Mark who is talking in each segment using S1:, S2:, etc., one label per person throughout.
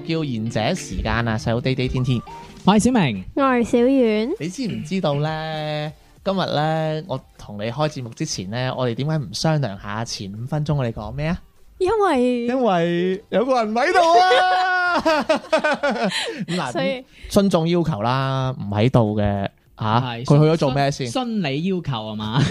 S1: 叫賢者時間啊，細佬啲啲天天，我係小明，
S2: 我係小遠。你知唔知道
S1: 咧？今日咧，我同你開節目之前咧，我哋點解唔商量下前五分鐘我哋講咩啊？
S3: 因為因為有個人唔喺度啊！咁
S4: 嗱，所以
S1: 尊重要求啦，唔喺度嘅吓？係、啊、佢以去咗做咩先？心
S4: 理要求啊嘛？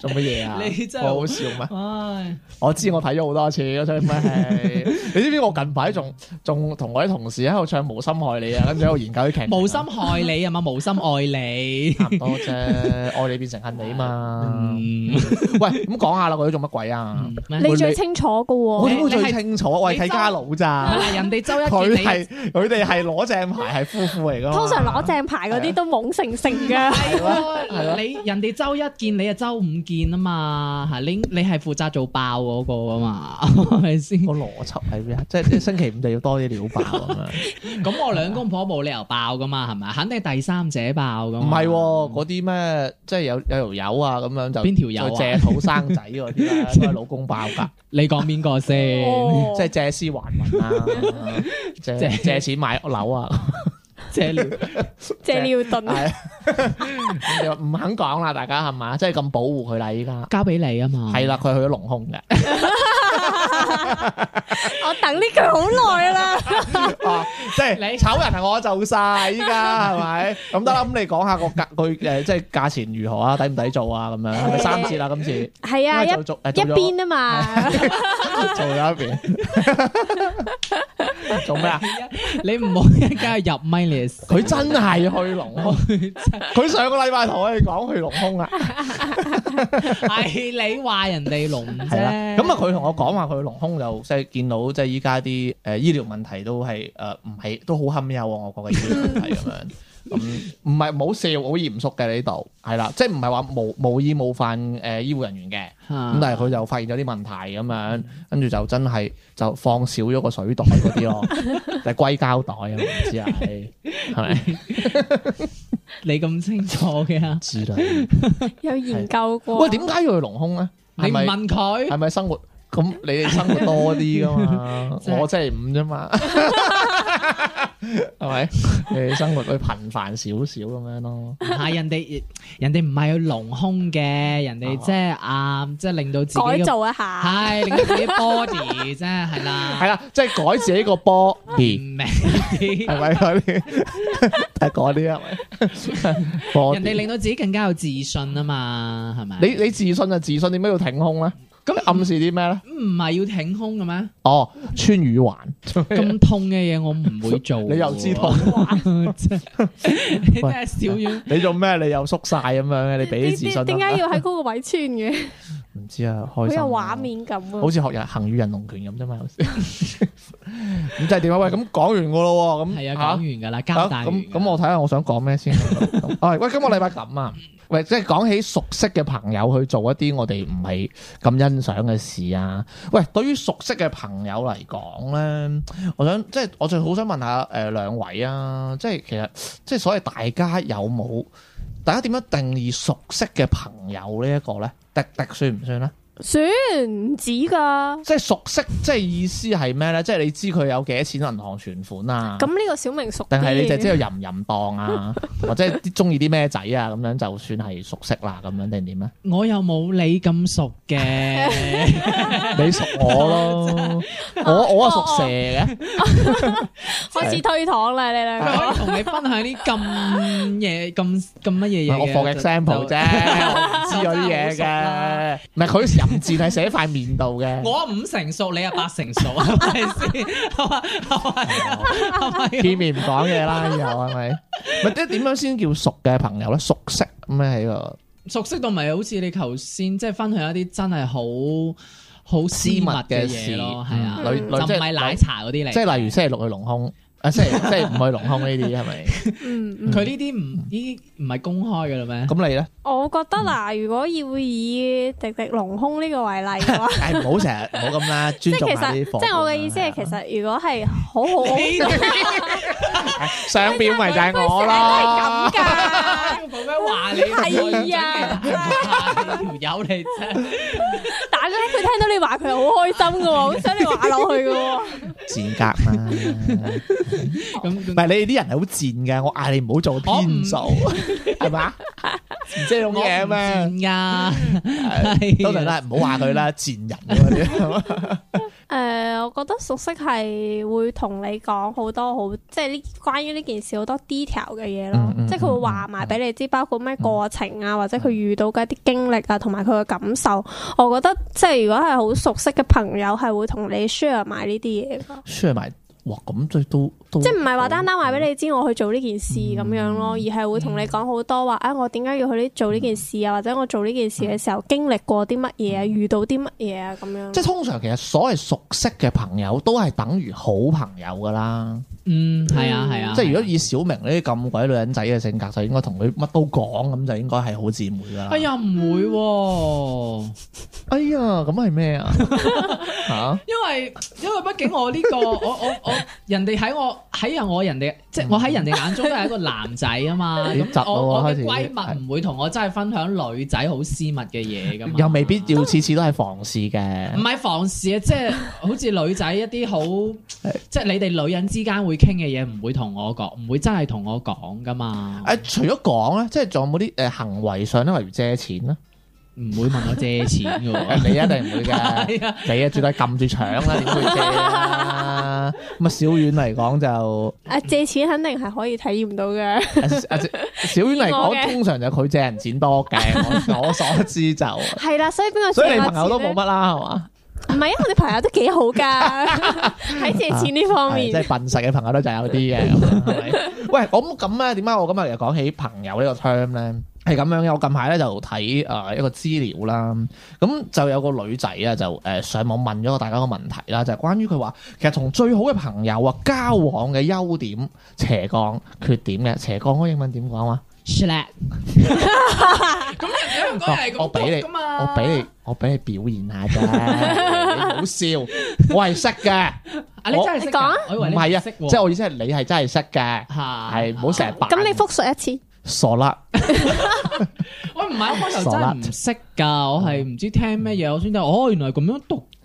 S1: 做乜嘢啊？你真係好笑咩？我知我睇咗好多次嗰出咩戲？你知唔知我近排仲仲同我啲同事喺度唱《無心害你》啊？跟住喺度研究啲劇。無心害你啊嘛？無心愛你差唔多啫，愛你變成恨你嘛？喂，咁講下啦，我哋做乜鬼啊？你最清
S2: 楚噶，我點會最清楚，我係睇家
S1: 佬咋？人哋
S2: 周一見係
S1: 佢哋係攞正牌係夫婦嚟噶。通常攞
S2: 正牌嗰啲都懵成成噶。係咯，
S4: 人哋周一見你啊，周五見啊嘛，係你你係負責做爆嗰個啊嘛，係咪先？個邏輯係
S1: 咩啊？即係星期五就要多啲料爆啊！
S4: 咁、 嗯 嗯、我兩公婆冇理由爆噶嘛，係咪？
S1: 肯定第三者爆噶。唔、嗯、係，嗰啲咩即係有有條友啊咁樣，就邊條友啊？借肚生仔嗰啲啊，老公爆噶？ 你講邊個先？ 哦、 即係借屍還魂啊？借借 借錢買樓啊？ 借
S2: 尿，借尿遁，係，
S1: 唔肯講啦，大家係嘛，即係咁保護佢啦，依家交俾你啊嘛，係啦，佢去咗隆胸嘅。 我等呢句好耐啦，即係，你炒人係，我做晒。依家係咪？咁得啦，咁你講下個價，佢、誒，即係價錢如何啊？抵唔抵做啊？咁樣係咪三次啦，今次
S4: 係啊，的一一邊
S2: 啊嘛，
S1: 做咗一邊
S4: 做咩啊一？ 麼你唔好一家入 minus，佢 真係
S1: 去隆胸，佢 上個禮拜同我哋講去隆胸啊，係、 哎、
S4: 你話人哋隆啫，咁啊
S1: 佢對同 對 我講。講話佢隆胸就即係見到，即係依家啲誒醫療問題都係誒唔係都好堪憂啊！我覺得醫療問題咁樣，
S3: 咁
S1: 唔係冇笑，好嚴肅嘅呢度係啦，即係唔係話冇冇意冒犯誒醫護人員嘅咁，但係佢就發現咗啲問題咁樣，跟住就真係就放少咗個水袋嗰啲咯，就係硅膠袋啊，唔知係係咪？你咁清楚嘅？知道
S2: 有研究過。喂，點
S1: 解要去隆胸咧？你問佢係咪生活？咁你哋生活多啲噶嘛？我即係五啫嘛，係咪？你哋生活會頻
S4: 繁少少咁樣咯。係人哋人哋唔係去隆胸嘅，人哋即係啊，即係令到自己改造一
S3: 下，係令到自己 body
S4: 即係係啦，係啦，
S1: 即係改自己個 body，係
S4: 咪嗰啲？改
S1: 啲人哋令
S4: 到自己更加有自信啊嘛，係咪？你你自信就自信，點解要挺胸咧？咁你暗示啲咩咧？唔係要挺胸嘅咩？
S1: 哦，穿耳環。咁
S4: 痛嘅嘢我
S1: 唔會做。你又知痛？
S2: 你真係小冤。
S1: 你做咩？你又縮晒咁樣？你俾啲自信。點解要喺
S2: 嗰個位穿嘅？
S1: 唔知啊，開心、啊。有畫面，好有畫
S2: 面感，好似
S1: 學行人行與人龍拳咁啫嘛，有時、啊。咁即係點啊？喂，咁講完噶咯，咁係啊，講完㗎喇。交帶。咁我睇下我想講咩先。 喂，今個禮拜咁啊喂，即係講起熟悉嘅朋友去做一啲我哋唔係咁欣賞嘅事啊。喂，對於熟悉嘅朋友嚟講咧，我想即係我就好想問，問下誒、呃、兩位啊，即係其實即係所謂大家有冇？大家點樣定義熟悉嘅朋友呢一個咧？滴滴算唔算咧？選唔止噶，即係熟悉，即係意思係咩咧？即係你知佢有幾多錢銀行存款啊？咁
S2: 呢個小明熟，定係你就知道淫淫
S1: 蕩啊，或者啲中意啲咩仔啊，咁樣就算係熟悉啦，咁樣定點咧？
S2: 我又冇
S4: 你咁熟嘅，
S1: 你熟我咯，
S4: 我我係屬蛇嘅，
S2: 開始推搪啦你兩個，同你分享啲
S4: 咁嘢，咁咁乜嘢嘢？我放嘅 sample 啫，唔知我啲嘢嘅，
S1: 唔係佢。字係寫塊面度嘅，我
S4: 五成熟，你啊八成熟，係咪先？
S1: 係咪？係咪？見面唔講嘢啦，以後係咪？咪即係點樣先叫熟嘅朋友咧？熟悉咁樣喺度。
S4: 熟悉到咪好似你頭先即係分享一啲真係好好私密嘅嘢咯，係、嗯、啊，嗯、就唔係奶茶嗰啲嚟，即係例如
S1: 星期六去隆胸。龍空即係即係唔去隆胸呢啲係咪？嗯，佢呢啲唔呢啲唔係公開嘅嘞咩？咁你咧？
S2: 我覺得嗱，如果要以滴滴隆胸呢個為例嘅
S1: 話，唔好成日唔好咁啦，
S4: 尊重埋啲即係其實，即係我
S2: 嘅意思係，其實如果係好好
S1: 想表，咪就係我咯。
S4: 咁噶？冇咩話你？係啊，
S1: 條友
S4: 嚟
S2: 啫。但係咧，佢聽到你話佢係好開心嘅，好想你話落去嘅
S1: 賤格嘛。唔係、 哦、你哋啲人係好賤噶，我嗌你唔好做天數，係嘛不？即係用嘢啊？嘛賤噶，當然啦，唔好話佢啦，賤人咁樣。誒，
S2: 我覺得熟悉係會同你講好多好，即係呢關於呢件事好多 detail 嘅嘢咯。嗯嗯嗯、即係佢會話埋俾你知，包括咩過程啊，嗯嗯嗯嗯、或者佢遇到嘅一啲經歷啊，同埋佢嘅感受。我覺得即係如果係好熟悉嘅朋友，係會同你 share 埋呢啲嘢噶。
S1: share 埋，哇，咁最係都。
S2: 即係唔係話單單話俾你知我去做呢件事咁樣咯，而係會同你講好多話啊！哎，我點解要去呢做呢件事啊？或者我做呢件事嘅時候經歷過啲乜嘢啊？遇到啲乜嘢啊？咁樣即係
S1: 通常其實所謂熟悉嘅朋友都係等於好朋友噶啦。嗯，
S2: 係啊，係啊。即係
S1: 如果以小明呢啲咁鬼女人仔嘅性格，就應該同佢乜都講，咁就應該係好姊妹噶啦。哎
S4: 呀，唔會。
S1: 哎呀，咁係咩啊？吓？因
S4: 為因為畢竟我呢個我我我人哋喺我。喺我人哋，即係我喺人哋眼中都係一個男仔啊嘛。咁 我我嘅閨蜜唔會同我真係分享女仔好私密嘅嘢噶嘛。又
S1: 未必要次次都係房事嘅。
S4: 唔係房事啊， 即係好似女仔一啲好，即係你哋女人之間會傾嘅嘢，唔會同我講，唔會真係同我講噶嘛。
S1: 誒、哎，除咗講咧，即係仲有冇啲誒行為上咧，例如借錢咧？唔會問我借錢嘅，你一定唔
S2: 會噶，
S1: 你啊，最多撳住搶啦，點會借？咁啊，小婉嚟講就
S2: 啊，借錢肯定係可以體驗到嘅。阿
S1: 小婉嚟講，通常就佢借人錢多嘅，我所知就
S2: 係啦。所以，所以你朋友都冇乜啦，係嘛？唔係啊，我哋朋友都幾好噶，喺借錢呢方面。即係
S1: 笨實嘅朋友都就有啲嘅。喂，咁咁啊？點解？我今日又講起朋友呢個 term 咧。係咁樣嘅，我近排咧就睇啊一個資料啦，咁就有個女仔啊就誒上網問咗大家個問題啦，就關於佢話，其實同最好嘅朋友啊交往嘅優點、斜槓、缺點嘅斜槓，我英文點講啊？斜咁人哋唔該，我俾你噶嘛，我俾你，我俾你表現下啫，唔好笑，我係識嘅。啊你真係識講，唔係啊，識，即係我意思係你係真係識嘅，係唔好成日擺。咁你複
S2: 述一次。傻啦！喂唔係開頭真係唔
S1: 識噶， 我係
S4: 唔知聽咩嘢，我先得哦，原來咁樣讀。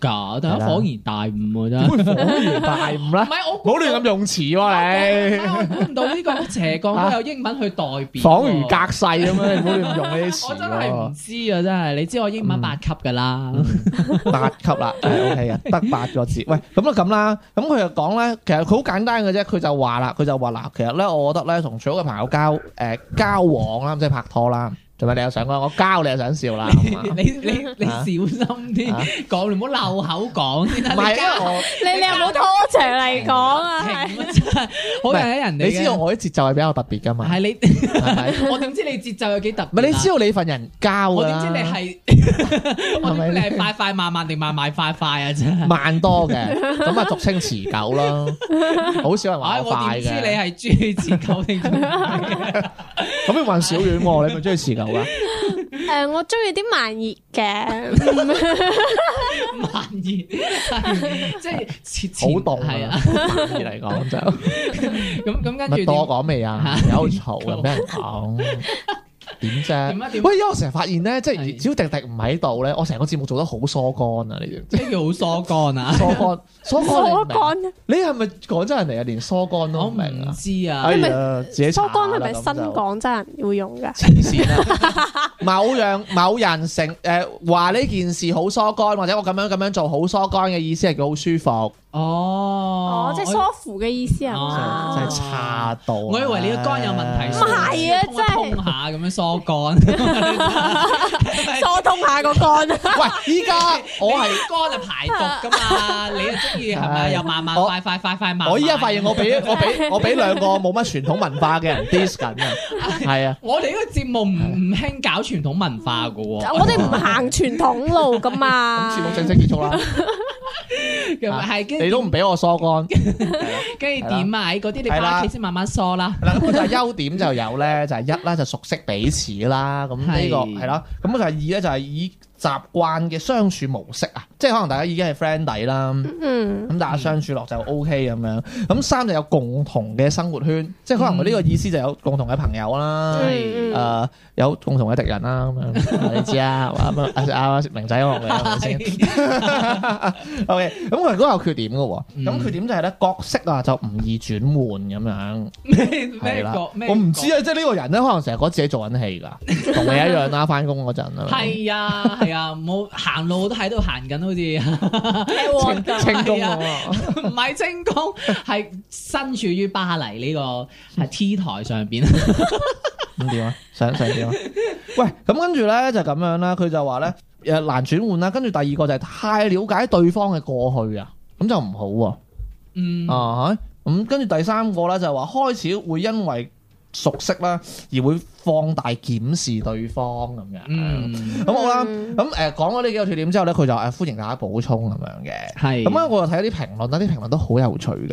S4: 但係恍然大悟啊，真係恍然大悟啦，啊！唔係， 我冇亂咁用詞喎，啊， 你估唔 到呢個斜槓， 啊、都有英文去代表，啊。恍如隔世咁樣，你冇亂用呢啲詞，啊。 我真係唔知啊，真係。你知我英文八級噶啦，
S1: 嗯嗯，八級啦，係啊， 嗯，得、okay, 八個字。喂，咁啊咁啦，咁佢就講咧，其實佢好簡單嘅啫，佢就話啦，佢就話嗱，其實咧，我覺得咧，同所有嘅朋友交誒交往啦，即係拍拖啦。做咩你又想我？我交你又想笑啦？你
S4: 你你小心啲，講你唔好漏口講先啦。唔係你你又唔拖長嚟講啊。好影響人哋。你知道我
S1: 啲節奏係比較特別噶嘛？係你，
S4: 我點知你節奏有幾特別？係，你知道
S1: 你份人膠，噶？我點
S4: 知你係？你係快快慢慢定慢慢快快啊？真係慢多嘅，咁啊俗稱持
S1: 久咯，
S2: 好
S1: 少人話快嘅。我點知
S2: 你係專注持久定？
S1: 咁咪還少暖喎？你咪中意持久啊？
S2: 誒、 嗯，我中意啲慢熱嘅，嗯、 慢熱， 即
S1: 係前好凍係啊！是啊慢熱嚟講就咁咁，跟住，多我講未啊？有嘈，俾 人講。 點啫？點啊點？喂，因為我成日發現咧，即係小迪迪唔喺度咧，我成個節目做得好疏干啊！ 干 干你點？即係叫好疏干啊？疏、哎、呀干疏干，你係咪廣州人嚟啊？連疏干都唔明啊？唔知啊？係啊？疏干係咪新
S2: 廣州人會用噶？黐線啊！
S1: 某樣某人成誒話呢件事好疏干，或者我咁樣咁樣做好疏干嘅意思係佢好舒服。Oh,
S4: 哦，即係疏乎嘅意思係嘛？即係差到，我以為你個肝有問題。唔係、欸、啊，即係真是 通下咁樣疏肝，疏通下個肝。
S1: 喂，依家我係肝就排毒噶嘛，啊、你中
S4: 意係咪？又慢慢快快快快慢，慢我。我依家發現我俾我俾我俾兩個
S1: 冇乜傳統文化嘅人 diss 緊啊，係
S4: 啊。我哋呢個節目唔唔興搞傳統文化噶， 我哋唔行傳統路噶嘛。
S2: 節
S1: 目 正式結束啦。
S4: 係 你都唔
S1: 俾我梳乾，跟
S4: 住點啊？嗰啲、啊、你翻屋企先慢慢梳啦。嗱、啊，
S1: 咁就係優點就有咧，就係、是、一啦，就熟悉彼此啦。咁呢、 呢個係啦，咁、 啊、就係二咧，就係、是、以，習慣嘅相處模式啊，即係可能大家已經係 friend 底啦，咁大家相處落就 OK 咁樣。咁三就有共同嘅生活圈，即係可能呢個意思就有共同嘅朋友啦，誒有共同嘅敵人啦咁樣。你知啊，阿明仔我嘅，OK。咁佢如果有缺點嘅喎，咁缺點就係咧，角色啊就唔易轉換咁樣。
S3: 咩咩？我唔知
S1: 啊，即係呢個人咧，可能成日覺得自己做緊戲㗎，同你一樣啦，翻工嗰陣啊，係
S4: 啊。啊！我行路都喺度行緊，好似、 哎、呦清工唔係清工功，係 身處於巴黎呢、這個喺 T 台上邊。咁
S1: 點啊？想想點啊？喂，咁跟住咧就咁、是、樣啦。佢就話咧，誒難轉換啦。跟住第二個就係太了解對方嘅過去啊，咁就唔好啊。嗯啊、咁、uh huh, 跟住第三個咧就係、是、話開始會因為。熟悉啦，而會放大檢視對方咁樣。咁好啦。咁誒講咗呢、嗯、幾個缺點之後咧，佢就誒歡迎大家補充咁樣嘅。係是。咁啊，我又睇啲評論啦，啲評論都好有趣㗎。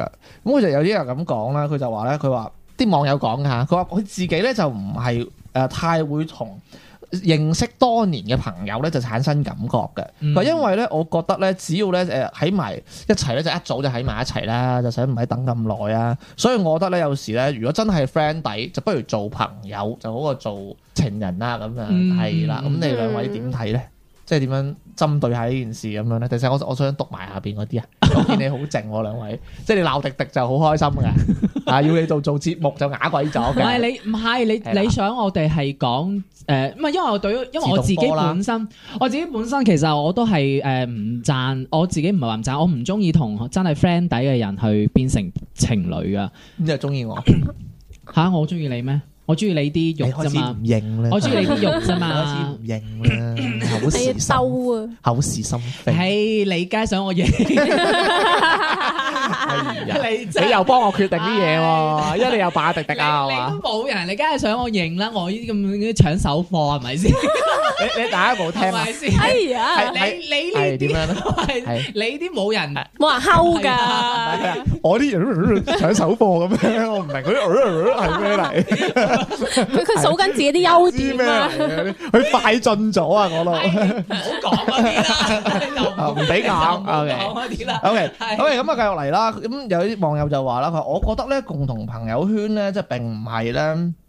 S1: 咁佢就有啲人咁講啦，佢就話咧，佢話啲網友講下，佢話佢自己咧就唔係誒太會同，認識多年嘅朋友咧，就產生感覺嘅。嗱、嗯，因為咧，我覺得咧，只要咧，誒，喺埋一齊咧，就一早就喺埋一齊啦，就使唔使等咁耐啊？所以我覺得咧，有時咧，如果真係 friend 底，就不如做朋友就好過做情人啦。咁樣係啦，咁、嗯、你兩位點睇咧？嗯嗯即係點樣針對下呢件事咁樣咧？其實我我想讀埋下邊嗰啲啊？ 我見你好靜，兩位，即係你鬧迪迪就好開心嘅，啊， 要你做做節目就啞鬼咗。唔係你，
S4: 唔係你，的你想
S1: 我哋係講誒，唔、呃、係
S4: 因為我對，因為我自，自我自己本身，我自己本身其實我都係誒唔贊，我自己唔係話唔贊，我唔中意同真係 friend 底嘅人去變成情侶噶。咁就中意我吓？我中意你咩？我中意你啲肉啫嘛，我中意你啲肉啫嘛，我
S3: 開始
S4: 唔認啦，口是心，口是心非。係你梗係想我認，你你又幫我決定啲嘢喎，因為你又擺下滴滴啊，係嘛？冇人，你梗係想我認啦，我呢啲咁搶手貨係咪先？你你大家冇聽啊？係啊，你你呢啲，你啲冇人，冇人偷㗎，
S1: 我啲搶手貨咁樣，我唔明嗰啲係咩嚟？佢佢數緊自己
S2: 啲優點咩、
S1: 啊？佢快進咗啊！我咯，唔好講唔俾講啊！講啲啦 OK，OK 咁啊，繼續嚟啦。咁有啲網友就話啦，佢話我覺得咧，共同朋友圈咧，即係並唔係咧，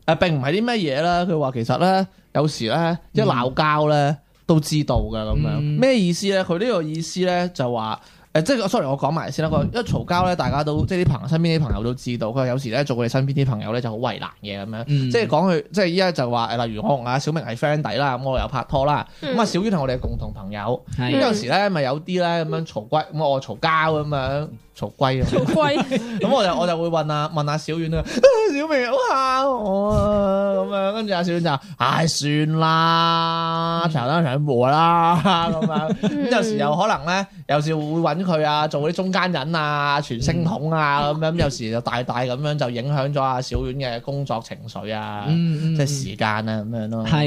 S1: 誒，並唔係啲咩嘢啦。佢話其實咧，有時咧一鬧交咧，都知道嘅咁樣。咩、嗯、意思咧？佢呢個意思咧，就話。誒，即係 sorry，我講埋先啦。個一嘈交咧，大家都即係啲朋友，身邊啲朋友都知道，佢有時咧做佢哋身邊啲朋友咧就好為難嘅咁樣。即係講佢，即係依家就話，例如我同阿小明係 friend 底啦，咁我又拍拖啦，咁啊、嗯、小遠同我哋係共同朋友。咁、嗯、有時咧咪有啲咧咁樣嘈歸，咁我嘈交咁樣嘈歸，嘈歸。咁、嗯、 我就我就會問啊問阿小遠啊，小明好吓我啊，咁啊跟住阿小遠就唉算啦，長登長步啦咁樣。咁、啊哎、有時又可能咧，有時會搵。去啊，做啲中間人啊，傳聲筒啊咁、嗯、樣，有時就大大咁樣就影響咗阿小婉嘅工作情緒啊，嗯、即係時間啊咁樣咯。
S3: 係，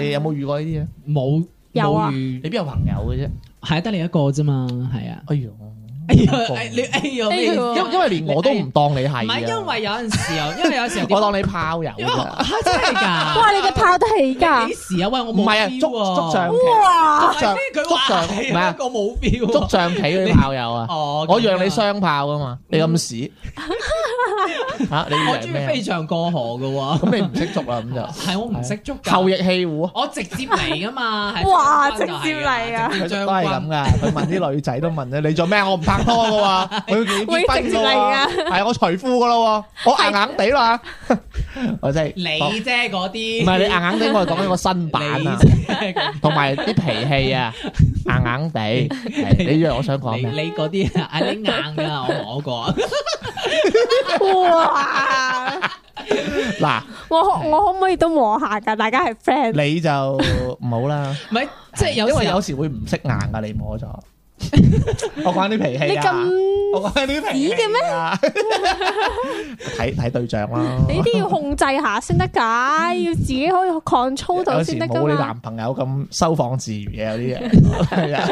S3: 你有冇
S1: 遇過呢啲啊？冇，
S3: 冇遇。
S4: 你邊有朋友嘅啫？係得你一個啫嘛？係啊。哎呦哎你哎呀，因因為連我
S1: 都唔當你係啊，因為有陣
S4: 時啊，因為有陣時我
S1: 當你炮友啊，真係噶，哇，你嘅炮得起噶，幾時啊？喂，我唔係啊，捉捉象棋，哇，捉象，捉象，咩啊？個冇標，捉象棋你炮友啊？哦，我讓你雙炮噶嘛，你咁屎，吓？你我中意飛象過河噶，咁你唔識捉啦，咁就係我唔識捉。後翼氣壺，
S4: 我直接嚟啊嘛，哇，直接嚟
S2: 啊，將軍
S1: 都係咁噶，佢問啲女仔都問啫，你做咩？我唔。拍拖噶喎，我要點子分噶，係我除褲噶啦，我硬硬地啦，我真係你啫嗰啲，唔係你硬硬地，我係講緊個身板啊，同埋啲脾氣啊，硬硬地，你以為我想講咩？你嗰啲啊，係你
S3: 硬
S4: 噶，我
S1: 摸過。
S2: 哇！
S1: 嗱，
S2: 我我可唔可以都摸下噶？大家係 friend，
S1: 你就唔好啦。
S2: 唔係，即係有，因為有
S1: 時會唔識硬噶，你摸咗。 我慣啲脾氣啊！
S2: 我你啲脾嘅咩？
S1: 睇睇 對象啦，你啲要
S2: 控制下先得噶，嗯、要自己可以 control 到先得噶嘛。你、嗯、男
S1: 朋友咁收放自如嘅有
S4: 啲嘢，係啊，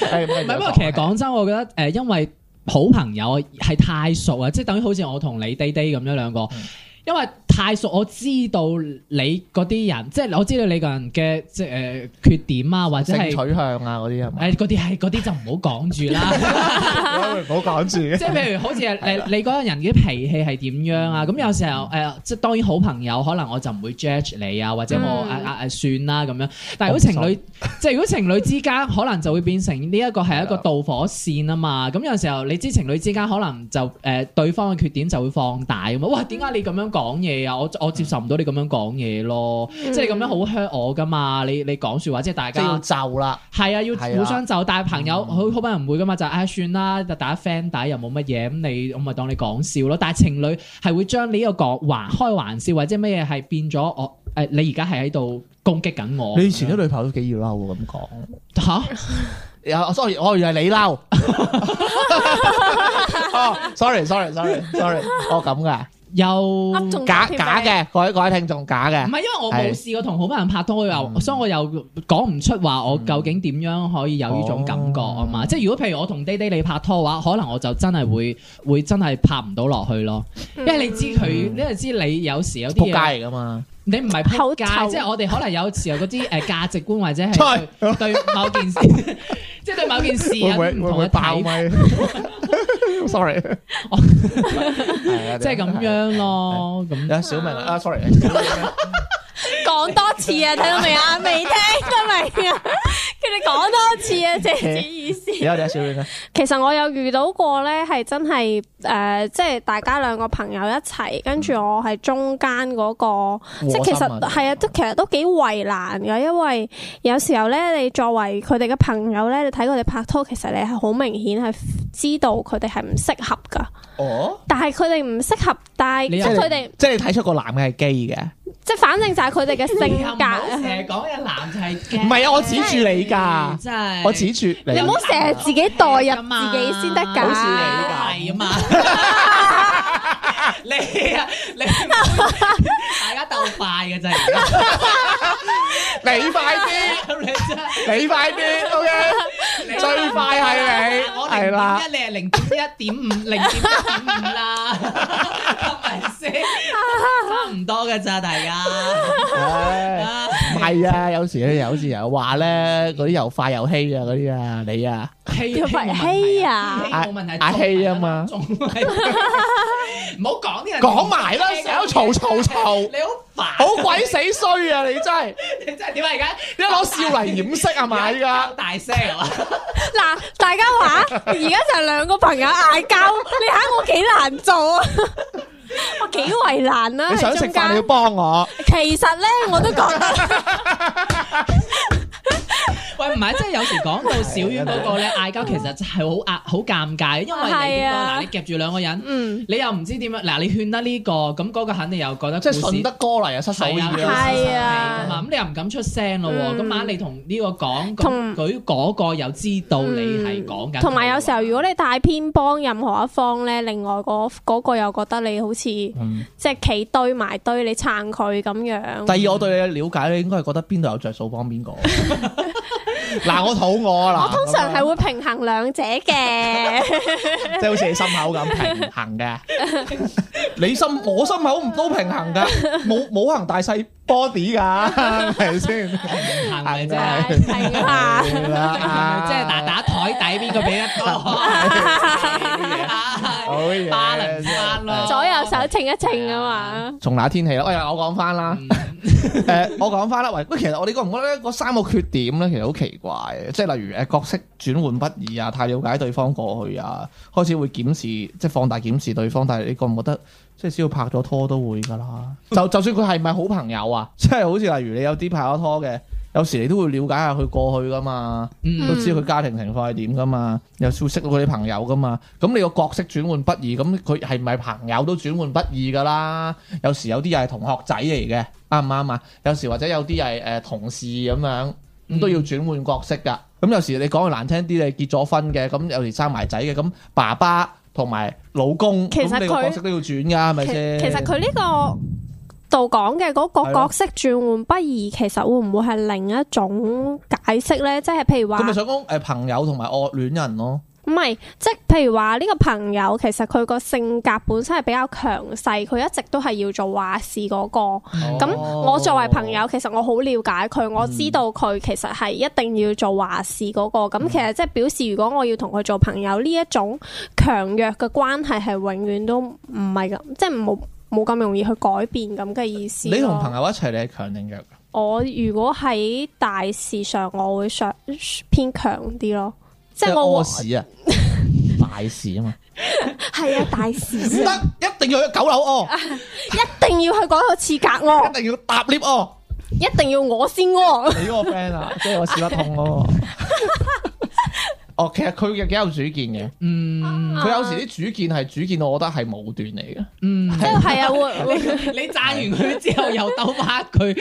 S4: 係唔係？不過其實講真，是我覺得誒，因為好朋友係太熟啊，即、就、係、是、等於好似我同你弟弟咁樣兩個。嗯因為太熟，我知道你嗰啲人，即係我知道你個人嘅即係、呃、誒缺點啊，或者性取向啊嗰啲係咪？誒、欸，嗰啲係嗰啲就唔好講住啦，
S1: 唔好講住。即係譬如好似誒
S4: 你嗰個 人嘅脾氣係點樣啊？咁、嗯、有時候誒、呃、即係當然好朋友可能我就唔會 judge 你啊，或者我誒、啊啊啊啊啊、算啦咁樣。但係如果情侶，即係如果情侶之間可能就會變成呢一個係一個導火線啊嘛。咁有時候你知情侶之間可能就誒對方嘅缺點就會放大咁啊。哇、呃、點、呃、解、呃呃、你咁樣？ 講嘢啊，我我接受唔到你咁樣講嘢咯，嗯、即係咁樣好 hurt 我噶嘛？你你講說話即係大家要就啦，係啊，要互相就。啊、但係朋友好好、嗯、多人唔會噶嘛，就唉算啦，就大家 friend，但係又冇乜嘢。咁你我咪當你講笑咯。但係情侶係會將你呢個講玩開玩笑或者咩嘢係變咗我誒、呃？你而家係喺度攻擊緊我。你以前啲
S1: 女朋友都幾要嬲嘅咁講吓？sorry，我以為你嬲。sorry，sorry，sorry，sorry，我咁噶。又
S3: 假假嘅，
S1: 各位各位
S4: 聽眾假嘅。唔係因為我冇試過同好多人拍拖，我又，所以我又講唔出話我究竟點樣可以有呢種感覺啊嘛。即係如果譬如我同爹哋你拍拖嘅話，可能我就真係會會真係拍唔到落去咯。因為你知佢，你為知你有時有啲仆街嚟㗎嘛。你唔係仆街，即係我哋可能有時候嗰啲誒價值觀或者係對某件事，即係對某件事會唔會爆米？
S1: sorry，即係咁
S2: 樣咯，
S1: 咁小明啊，sorry，
S2: 講 多次啊，聽到未啊？未聽得明啊？ 你講多次啊，即係意思。 其實我有遇到過咧，係真係誒、呃，即係大家兩個朋友一齊，跟住我係中間嗰、那個，啊、即係是其實係啊，嗯、其都其實都幾為難嘅，因為有時候咧，你作為佢哋嘅朋友咧，你睇佢哋拍拖，其實你係好明顯係知道佢哋係唔適合噶。哦。但係佢哋唔適合，但係是即係佢哋，即
S1: 係你睇出個男嘅係基嘅。
S2: 即係反正就係佢哋嘅性格。成日講男唔係啊，我指住你噶，真係，我指
S1: 住你。你唔好
S2: 成日自己代入自己先得噶，好似你噶，係啊嘛。
S4: 你啊，你大家鬥快㗎咋。而家，你快啲點，你真，你快啲，O K，最快係你， 我係啦， 你係零點一點五，零點一點五啦，唔使，差唔多㗎咋，大家。
S1: 係啊，有時咧，有時又話咧，嗰啲又快又欺啊，嗰啲啊，你啊，
S4: 欺，白欺啊，冇問題，嗌欺啊，啊嘛，仲唔好講啲人，講埋啦，成日都嘈嘈嘈，你好
S1: 煩、啊，好鬼死衰啊，你真係，你真係點啊而家，而家攞笑嚟掩飾啊嘛依家，
S2: 大聲啊，嗱，大， 大家話，而家就係
S1: 兩個朋友嗌交，你睇我幾難
S2: 做。啊！ 我幾為難啊，你想食飯你要
S1: 幫我。
S2: 其實咧，我都覺得。 喂，唔
S4: 係，即係有時講到小淵嗰個咧，嗌交 其實係好壓、好尷尬，因為你嗱，啊、你夾住兩個人，嗯、你又唔知點樣嗱，你勸得呢個，咁嗰個肯定又覺得即係順德哥嚟，又失「啊、失手一樣，係啊，
S2: 咁你又唔敢出聲咯，咁啱、嗯、你同
S4: 呢個講，舉嗰個又知道你係講緊，同埋、嗯、有，有
S2: 時候如果你太偏幫任何一方咧，另外嗰、那、嗰、個那個又覺得你好似即係企堆埋堆，你撐佢咁樣。第二，
S1: 我對你嘅了解，你應該係覺得邊度有著數幫邊個。嗱，我肚餓喇，我通常
S2: 係會平衡兩者嘅， 即係好似你心口咁平衡嘅。
S1: 你心我心口唔都平衡噶，冇 冇行大細 body 噶，係咪先？ 平
S2: 衡的 真係係啊，即係嗱打台底邊個俾得多？ 哎好，平衡翻咯，左右手稱一稱啊嘛。
S1: 仲有天氣啦，我
S2: 又我講翻啦。
S1: 誒，我講翻啦。喂，喂，其實我哋覺唔覺得嗰三個缺點咧，其實好奇怪嘅。即係例如誒角色轉換不易啊，太了解對方過去啊，開始會檢視，即係放大檢視對方。但係你覺唔覺得，即係只要拍咗拖都會㗎喇。 就就算佢係咪好朋友啊，即係好似例如你有啲拍咗拖嘅。有時你都會了解下佢過去噶嘛，嗯、都知佢家庭情況係點噶嘛，又熟識到佢啲朋友噶嘛，咁你個角色轉換不易，咁佢係唔係朋友都轉換不易噶啦？有時有啲又係同學仔嚟嘅，啱唔啱啊？有時或者有啲係誒同事咁樣，咁、嗯、都要轉換角色噶。咁有時你講句難聽啲，你結咗婚嘅，咁有時生埋仔嘅，咁爸爸同埋老公，其實咁你個角色都要轉噶，係咪先？其實佢呢、這
S2: 個。度講嘅嗰個角色轉換不易，其實會唔會係另一種解釋呢？即係譬如話咁，咪想講
S1: 朋友同埋惡戀人咯。唔
S2: 係，即係譬如話呢個朋友，其實佢個性格本身係比較強勢，佢一直都係要做話事嗰個。咁、哦、我作為朋友，其實我好了解佢，我知道佢其實係一定要做話事嗰個。咁、嗯、其實即係表示，如果我要同佢做朋友，呢一種強弱嘅關係係永遠都唔係咁，即係冇。冇咁容易去改變咁嘅意思。你同朋
S1: 友一齊，你係強定弱？
S2: 我如果喺大事上，我會想偏強啲咯。即係是我啊 事
S1: 啊，大事啊嘛。
S2: 係啊，大事。唔得一定要去九樓哦、啊， 一定要去嗰個刺格哦、啊， 一定要搭 lift 哦、啊， 一定要我先屙。你個 friend 啊，即 係我屎得痛咯、啊。
S1: 哦，其實佢嘅幾有主見嘅，嗯，
S2: 佢有時啲
S1: 主見係主見，我覺得係武斷嚟
S2: 嘅，嗯，係啊，會你讚完佢之後又鬥翻佢一句，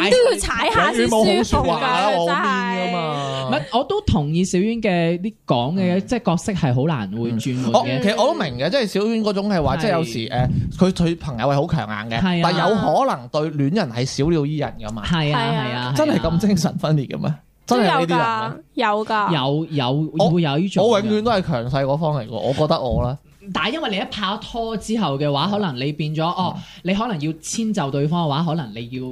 S2: 點都要踩下先舒服噶，真係。
S3: 唔係，
S4: 我都同意小婉嘅啲講嘅，即係角色係好難會轉換嘅。其實我都明
S1: 嘅，即係小婉嗰種係話，即係有時誒，佢對朋友係好強硬嘅，係，但有可能對戀人係小鳥依人噶嘛，係啊，係啊，真係咁精神分裂嘅咩？真有㗎，有㗎，有有我會有呢種。我永遠都係強勢嗰方嚟嘅，我覺得我啦。
S4: 但係因為你一拍拖之後嘅話，嗯、可能你變咗哦，你可能要遷就對方嘅話，可能你要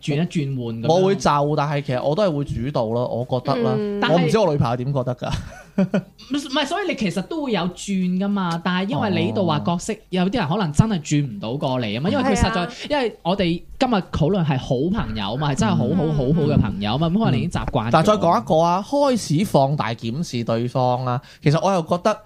S4: 轉一轉換我。我會
S1: 就，但係其實我都係會主導咯，我覺得啦、嗯。但我唔知我女朋友點覺得㗎。
S4: 唔係， 所以你其實都會有轉噶嘛，但係因為你呢度話角色有啲人可能真係轉唔到過嚟啊嘛，因為佢實在，啊、因為我哋今日
S1: 討論係好朋友啊嘛，係、嗯啊、真係好好好好嘅朋友啊嘛，咁可能你已經習慣咗、嗯。但係再講一個啊，開始放大檢視對方啦。其實我又覺得。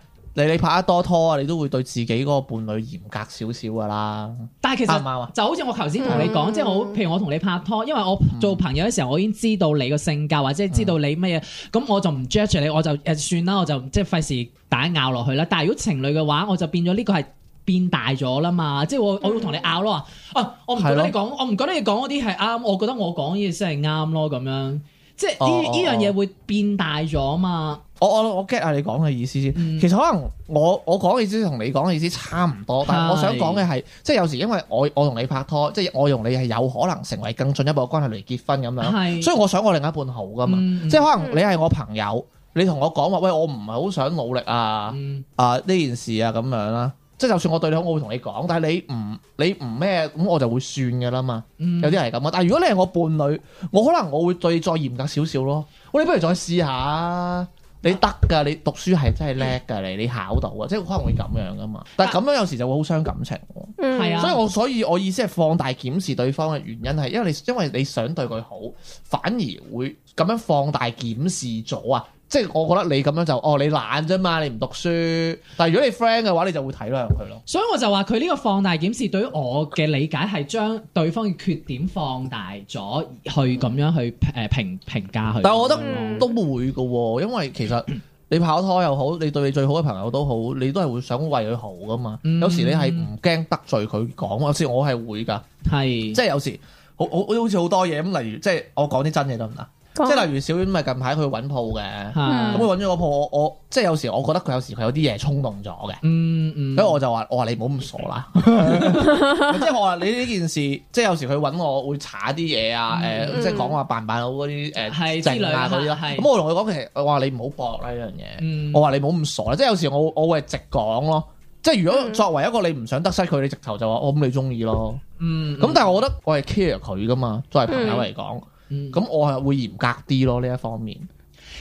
S1: 你你拍得多拖啊，你都會對自己嗰個伴侶嚴格少少噶啦。但係其實唔啱
S4: 就好似我頭先同你講，嗯、即係我譬如我同你拍拖，因為我做朋友嘅時候，我已經知道你個性格或者知道你乜嘢，咁、嗯、我就唔 judge 你，我就誒算啦，我就即係費事大家拗落去啦。但係如果情侶嘅話，我就變咗呢個係變大咗啦嘛，即係我我會同你拗咯、嗯、啊！我唔覺得你講，的我唔覺得你講嗰啲係啱，我覺得我講嘢先係啱咯咁樣。即係呢呢樣嘢會變
S1: 大咗嘛？我我我 get 啊你講嘅意思先。Mm. 其實可能我我講嘅意思同你講嘅意思差唔多，但係我想講嘅係，即係有時因為我我同你拍拖，即係我同你係有可能成為更進一步嘅關係嚟結婚咁樣，mm. 所以我想我另一半好噶嘛。即係可能你係我朋友，你同我講話，喂，我唔係好想努力啊啊呢件事啊咁樣啦。即係就算我對你好，我會同你講，但係你唔你唔咩咁，我就會算㗎啦嘛。有啲人係咁啊。但係如果你係我伴侶，我可能我會對你再嚴格少少咯。喂、哦，你不如再試下，你得㗎，你讀書係真係叻㗎，你你考到啊，即係可能會咁樣㗎嘛。但係咁樣有時就會好傷感情。係、嗯、啊，所以我所以我意思係放大檢視對方嘅原因係因為因為你想對佢好，反而會咁樣放大檢視咗啊。即係我覺得你咁樣就，哦你懶啫嘛，你唔讀書。但係如果你 friend 嘅話，你就會體諒佢咯。所以我就話佢呢個放大檢
S4: 視對於我嘅理解係將對方嘅缺點放大咗，去咁樣去誒評評價佢。但係我覺得、嗯、
S1: 都會嘅，因為其實你拍拖又好，你對你最好嘅朋友都好，你都係會想為佢好㗎嘛。嗯、有時你係唔驚得罪佢講，有時我係會㗎，係是即係有時好好好似好多嘢咁，例如即係我講啲真嘢得唔得？即係例如小丸咪近排去揾鋪嘅，咁佢揾咗個鋪，我即係有時我覺得佢有時佢有啲嘢衝動咗嘅。嗯嗯，所以我就話，我話你唔好咁傻啦，即係我話你呢件事，即係有時佢揾我會查啲嘢啊。誒，即係講話扮扮好嗰啲誒，係之類嗰啲咯，咁我同佢講，其實我話你唔好搏啦呢樣嘢，我話你唔好咁傻啦，即係有時我我會直講咯，即係如果作為一個你唔想得失佢，你直頭就話，我咁你中意咯，嗯，咁但係我覺得我係 care 佢噶嘛，作為朋友嚟講。咁、嗯、我係會嚴格啲咯呢一方面，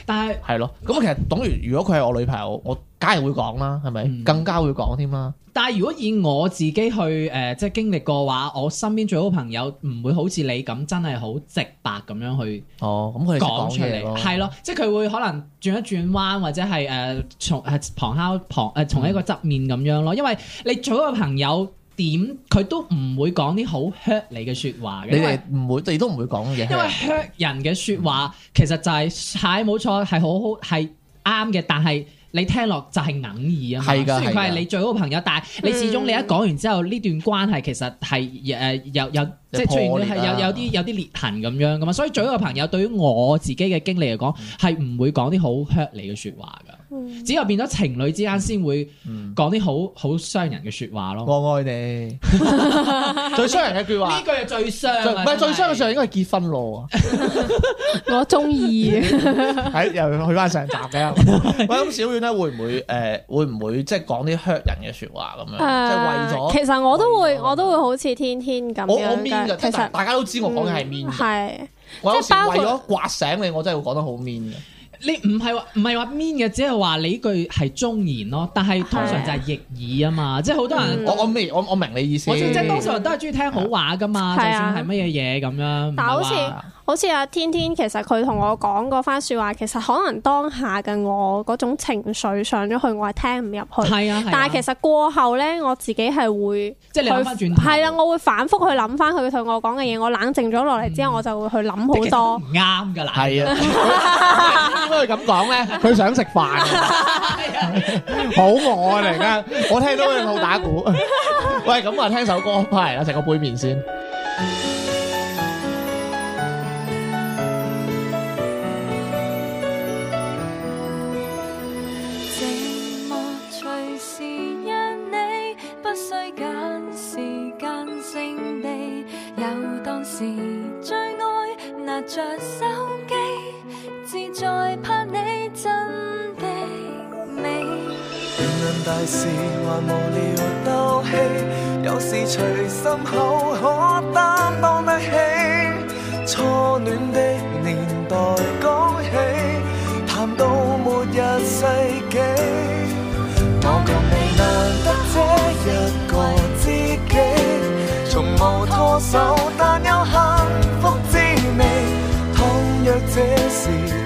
S4: 但係是
S1: 係咯，咁其實等於如果佢係我女朋友，我梗係會講啦，係咪？嗯、更加會講添
S4: 啦。但係如果以我自己去誒、呃，即係經歷過話，我身邊最好朋友唔會好似你咁真係好直白咁樣去
S1: 哦，咁佢講出嚟係、嗯、
S4: 咯，即係佢會可能轉一轉彎或者係誒從誒旁敲旁誒從、呃、一個側面咁樣咯，因為你最好朋友。點佢都唔會講啲好 hurt 你嘅說話嘅，你哋
S1: 唔會，你都唔會講嘅。因為
S4: hurt 人嘅說話，其實就係係冇錯，係好好係啱嘅，但係你聽落就係硬意耳啊嘛。的雖然佢係你最好嘅朋友，的但係你始終你一講完之後，呢、嗯、段關係其實係誒有有即係出現係有有啲有啲裂痕咁樣噶嘛。所以最好嘅朋友，對於我自己嘅經歷嚟講，係唔、嗯、會講啲好 hurt 你嘅說話噶。只有變咗情侶之間先會講啲好好
S1: 傷人嘅說話咯，我愛你
S3: 最傷人嘅一句話，呢句係最傷，唔係最傷
S1: 嘅時候應該係結婚咯。 我中意歡，喺 又去翻上集嘅。喂，咁小遠咧會唔會誒會唔會即係講啲 hurt 人嘅說話咁樣，即係為咗。其
S2: 實我都會，我都會好似天天咁樣嘅。我我好 mean 嘅。其實大家
S1: 都知我講嘅係 mean。係、嗯、我有時為咗刮醒你，我真係會講得好 mean 嘅。
S2: 你
S4: 唔係唔係話 mean 嘅，只係話你句係忠言咯。但係通常就係逆耳啊嘛，是啊即係好多人我。我我，我明我我明你意思。嘿即係通常都係中意聽好話噶嘛，是啊、就算係乜嘢嘢咁樣。但好似。
S2: 好似阿天天，其實佢同我講嗰番説話，其實可能當下嘅我嗰種情緒上咗去，我係聽唔入去。係啊，啊、但係其實過後咧，我自己係會即係調翻轉頭係啦，我會反覆去諗翻佢對我講嘅嘢，我冷靜咗落嚟之後，嗯、我就會去諗好多。唔
S1: 啱㗎啦，係 啊，
S2: 點解佢咁講咧？
S1: 佢想食飯， 好餓啊！嚟緊，我聽到佢好打鼓。 喂，咁啊，聽首歌，返嚟啦，食個杯麪先。
S3: 可擔當得起初戀的年代講起，談到末日世紀，我共你難得這一個知己，從無拖手，但有幸福滋味，倘若這時。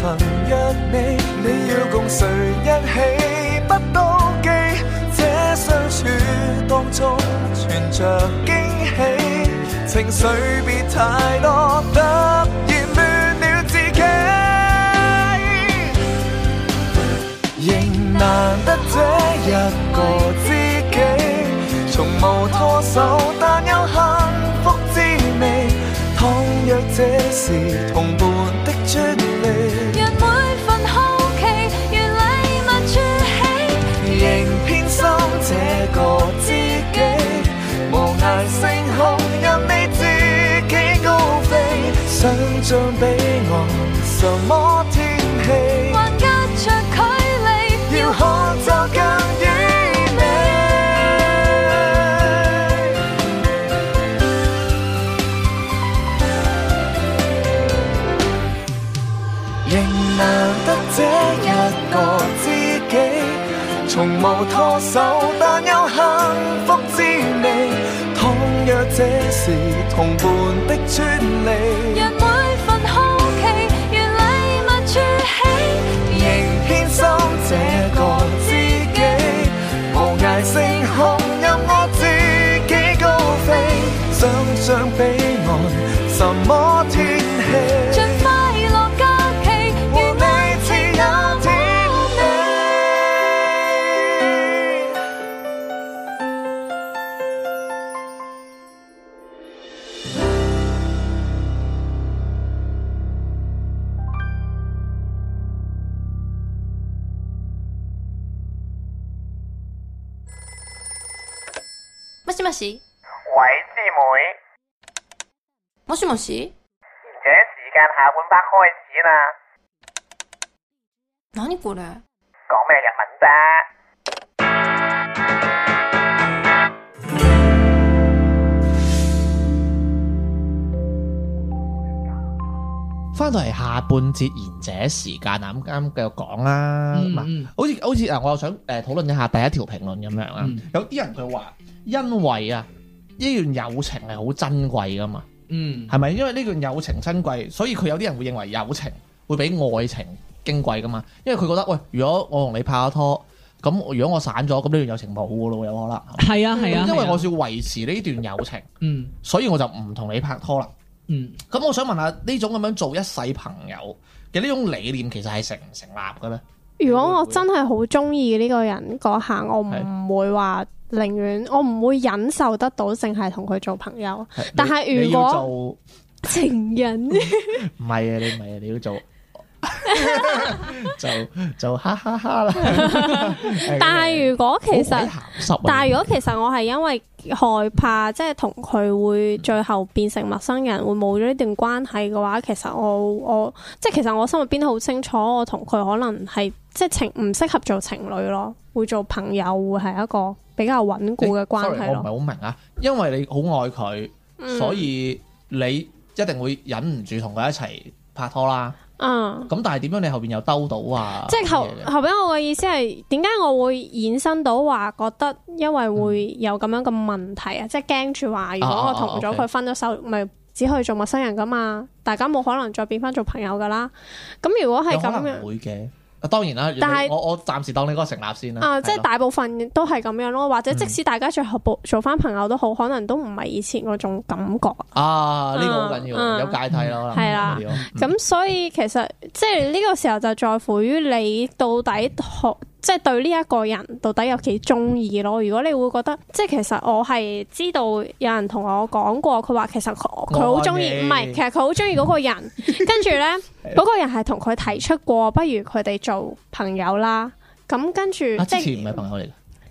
S3: 曾約你，你要共誰一起？不妒忌，這相處當中存着驚喜，情緒別太多，突然亂了自己。仍難得這一個知己，從無拖手，但有幸福滋味。倘若這時……像彼岸，什麼天氣？還隔着距離，要看就更依稀。仍難得這一個知己，從無拖手，但有幸福滋味。倘若這是同伴的專利。冇事冇事，賢者時間
S1: 下半 part 開始啦。
S2: 咩嚟？講
S1: 咩日文啫？翻到嚟下半節賢者時間，嗱咁啱，繼續講啦。咁啊，好似好似啊，我又想誒討論一下第一條評論咁樣啊。有啲人佢話，因為啊，呢段友情係好珍貴噶嘛。嗯，係咪？因為呢段友情珍貴，所以佢，有啲人會認為友情會比愛情矜貴噶嘛？因為佢覺得，喂，如果我同你拍咗拖，咁如果我散咗，咁呢段友情冇噶咯，有可能。係啊係啊，啊啊因為我要維持呢段友情，嗯，所以我就唔同你拍拖啦。嗯，咁我想問下呢種咁樣做一世朋友嘅呢種理念，其實係成唔成立嘅咧？
S2: 如果我真係好中意呢個人嗰下，我唔會話。寧願我唔會忍受得到，淨係同佢做朋友。但係如果情人
S1: 唔係要 啊，你唔係啊，你要做。就就哈哈哈啦！
S3: 但
S2: 係如果其實， 但係如果其實我係因為害怕， 即係同佢會最後變成陌生人， 會冇咗呢段關係嘅話，其實我我即係其實我心入邊都好清楚，我同佢可能係即係情唔適合做情侶咯，會做朋友會係一個比較穩固嘅關係咯。我唔係好明啊，因
S1: 為你好愛佢， 所以你一定會忍唔住同佢一齊拍拖啦。嗯，咁但係點樣你後邊又兜到啊？即係是麼後
S2: 後邊我嘅意思係，點解我會衍生到話覺得，因為會有咁樣嘅問題、嗯、啊？即係驚住話，如果我同咗佢分咗手，咪只可以做陌生人噶嘛？啊 okay、大家冇可能再變翻做朋友噶啦。咁如果係咁，可能唔
S1: 會嘅。啊當然啦，但係是我我暫時當你嗰個成立先啦。啊，即係大
S2: 部分都係咁樣咯，了或者即使大家最後部做翻朋友都好，嗯、可能都唔係以前嗰種感覺。啊，呢、這
S1: 個好緊要，啊啊、有界線啦。係啦、嗯，
S2: 咁所以其實即係呢個時候就在乎於你到底學，嗯即係對呢一個人到底有幾中意咯？如果你會覺得，即係其實我係知道有人同我講過，佢話其實佢好中意，唔係，其實佢好中意嗰個人。 跟住咧，嗰 個人係同佢提出過，不如佢哋做朋友啦。咁跟住、啊、即係唔係朋友嚟㗎？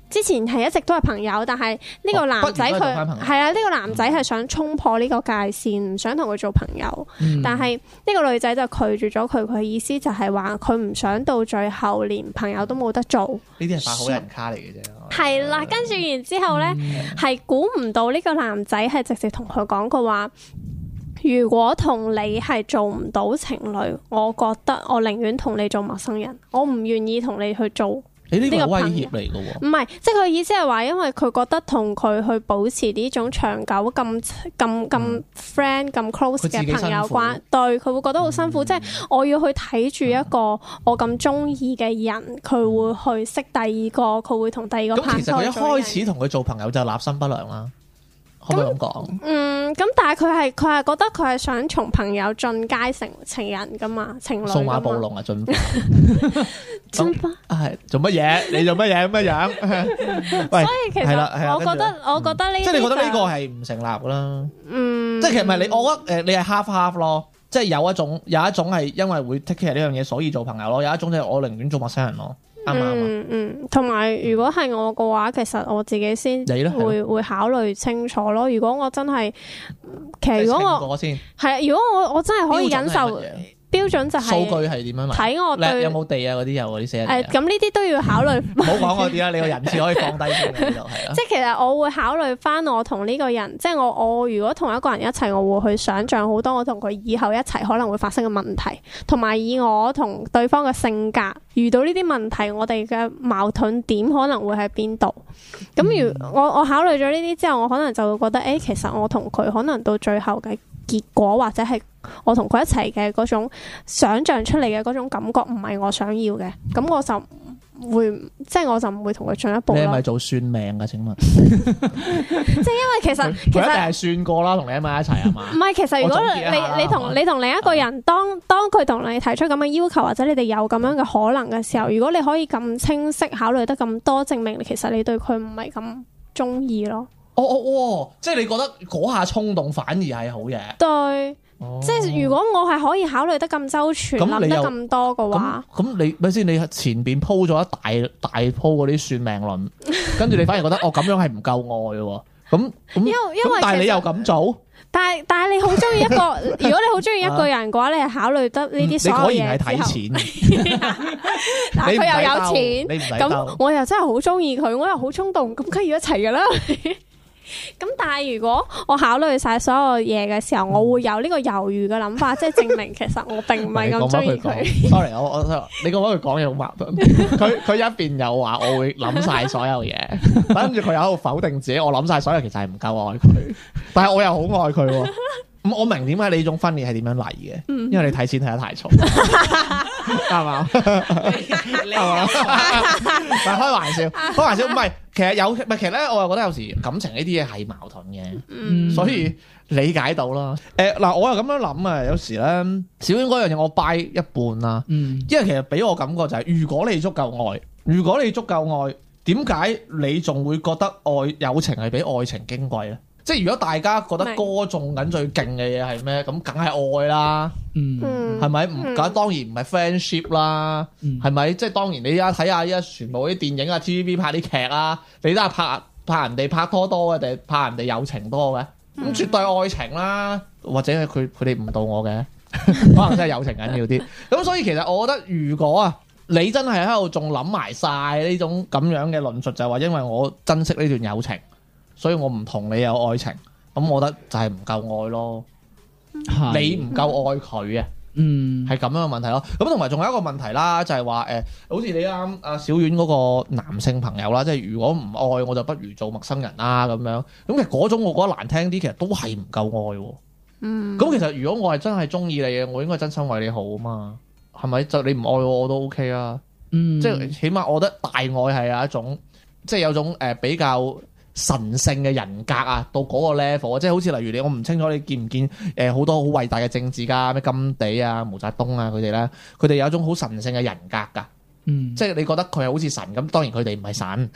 S2: 之前係一直都係朋友，但係呢個男仔佢係啊，呢、哦他這個男仔係想衝破呢個界線，唔想同佢做朋友。嗯、但係呢個女仔就拒絕咗佢，佢意思就係話佢唔想到最後連朋友都冇得做。
S1: 呢啲係發好人卡嚟嘅
S2: 啫。係啦以，跟住想然之後咧，係估唔到呢個男仔係直接同佢講佢話，如果同你係做唔到情侶，我覺得我寧願同你做陌生人，我唔願意同你去做。呢個、哎、威脅嚟嘅喎？唔係，即係佢意思係話，因為佢覺得同佢去保持呢種長久咁咁咁 friend、嗯、咁 close 嘅朋友關係，對，佢會覺得好辛苦。嗯、即係我要去睇住一個我咁鍾意嘅人，佢會去識第二個，佢會同第二個拍拖。嗯、其實佢一開
S1: 始同佢做朋友就立心不良啦。咁嗯，
S2: 咁但係佢係佢係覺得佢係想從朋友進階成情人㗎嘛，情侶。數碼
S1: 暴龍啊，進化進化、 啊哎、做乜嘢？你做乜嘢？乜樣？
S2: 喂所以其實 我覺得、嗯、我覺得呢，即係你覺得呢個係
S1: 唔成立啦。嗯，
S2: 即係其實唔係你，我覺
S1: 得誒，你係 half half 咯。即係有一種有一種係因為會 take care 呢樣嘢，所以做朋友咯；有一種就係我寧願做陌生人咯。
S2: 嗯嗯，同埋如果係我嘅話，其實我自己先會會考慮清楚咯。如果我真係，其實如果我係啊，先如果我我真係可以忍受。標準就係數據
S1: 係點樣埋睇，我有冇地啊嗰啲有嗰啲寫。誒、
S2: 呃，咁呢啲都要考慮。
S1: 唔好講，我點解你個人設可以降低啲嘅
S2: 又係啦。 是啊、即係其實我會考慮翻我同呢個人，即係我我如果同一個人一齊，我會去想象好多我同佢以後一齊可能會發生嘅問題，同埋以我同對方嘅性格，遇到呢啲問題，我哋嘅矛盾點可能會喺邊度？咁如我我考慮咗呢啲之後，我可能就會覺得，誒、欸，其實我同佢可能到最後嘅。結果或者係我同佢一齊嘅嗰種想象出嚟嘅嗰種感覺唔係我想要嘅，咁我就會即係、即係、我就唔會同佢進一步。你係
S1: 咪做算命嘅，請問？
S2: 即係因為其實其實一定係
S1: 算過啦，同你喺埋一齊係嘛？
S2: 唔係， 其實如果你 你同你同另一個人，當當佢同你提出咁嘅要求，或者你哋有咁樣嘅可能嘅時候，如果你可以咁清晰考慮得咁多，證明其實你對佢唔係咁中意咯。
S1: 哦哦，即係你覺得嗰下衝動反而係好嘢。
S2: 對，即係如果我係可以考慮得咁周全，諗得咁多嘅話，
S1: 咁你咪先？你前邊鋪咗一大大鋪嗰啲算命論，跟住你反而覺得哦，咁樣係唔夠愛嘅。咁咁，因
S2: 因為，但係你又咁做？但係但係，你好中意一個，如果你好中意一個人嘅話，你係考慮得呢啲所有嘢。你果然係睇錢，但佢又有錢，咁我又真係好中意佢，我又好衝動，咁梗係要一齊嘅啦。咁但係如果我考慮晒所有嘢嘅時候，我會有呢個猶豫嘅諗法，嗯、即係證明其實我並唔係咁中意佢。Sorry，
S1: 我我你講佢講嘢好矛盾。佢佢 一邊又話我會諗晒所有嘢，等住佢又喺度否定自己，我諗晒所有其實係唔夠愛佢，但係我又好愛佢。咁 我明點解你呢種分裂係點樣嚟嘅？因為你睇錢睇得太重。 係嘛？
S3: 係嘛？
S1: 但係開玩笑，開玩笑唔係其實有係其實咧，我又覺得有時感情呢啲嘢係矛盾嘅，嗯、所以理解到啦。誒、呃、嗱，我又咁樣諗啊，有時咧，小英嗰樣嘢我 buy 一半啦，嗯、因為其實俾我感覺就係、是，如果你足夠愛，如果你足夠愛，點解你仲會覺得愛友情係比愛情矜貴咧？即係如果大家覺得歌頌緊最勁嘅嘢係咩？咁梗係愛啦，
S3: 係咪、嗯？咁、嗯、當
S1: 然唔係 friendship 啦，係咪、嗯？即係當然你而家睇下依家全部啲電影啊，TVB 拍啲劇啊，你都係拍拍人哋拍拖多多嘅定係拍人哋友情多嘅？咁絕對愛情啦，嗯、或者係佢佢哋唔到我嘅， 可能真係友情緊要啲。咁 所以其實我覺得如果啊，你真係喺度仲諗埋晒呢種咁樣嘅論述，就係、是、話因為我珍惜呢段友情。所以我唔同你有愛情，咁我覺得就係唔夠愛咯。係嘅。你唔夠愛佢啊，嗯，係咁樣嘅問題咯。咁同埋仲有一個問題啦，就係話誒，好似你啱阿小婉嗰個男性朋友啦，即係如果唔愛我就不如做陌生人啦咁樣。咁其實嗰種我覺得難聽啲，其實都係唔夠愛。嗯。
S3: 咁其
S1: 實如果我係真係中意你嘅，我應該真心為你好啊嘛。係咪就你唔愛我我都 OK 啊？嗯。
S3: 即係
S1: 起碼我覺得大愛係有一種，即係有種誒比較，神聖嘅人格啊，到嗰個 level，即係好似例如你，我唔清楚你見唔見誒，好、呃、多好偉大嘅政治家，咩甘地啊、毛澤東啊佢哋咧，佢哋有一種好神聖嘅人格噶、嗯嗯，嗯，即係你覺得佢係好似神咁，當然佢哋唔係神，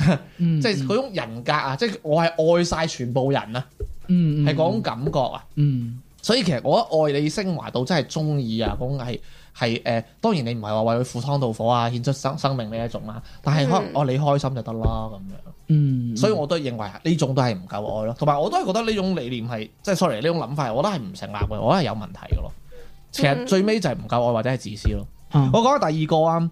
S1: 即係嗰種人格啊，嗯嗯、即係我係愛晒全部人啊、嗯，嗯，係嗰種感覺啊，嗯，所以其實我愛你升華到真係中意啊，嗰種係係誒，當然你唔係話為佢赴湯蹈火啊，獻出生生命呢一種啦，但係可能我、哦、你開心就得啦咁樣。
S3: 嗯，所以
S1: 我都認為呢種都係唔夠愛咯，同埋我都係覺得呢種理念係，即係 sorry 呢種諗法我都成立，我都係唔成立嘅，我都係有問題嘅
S3: 咯。其實最
S1: 尾就係唔夠愛或者係自私咯。嗯、我講下第二個啊，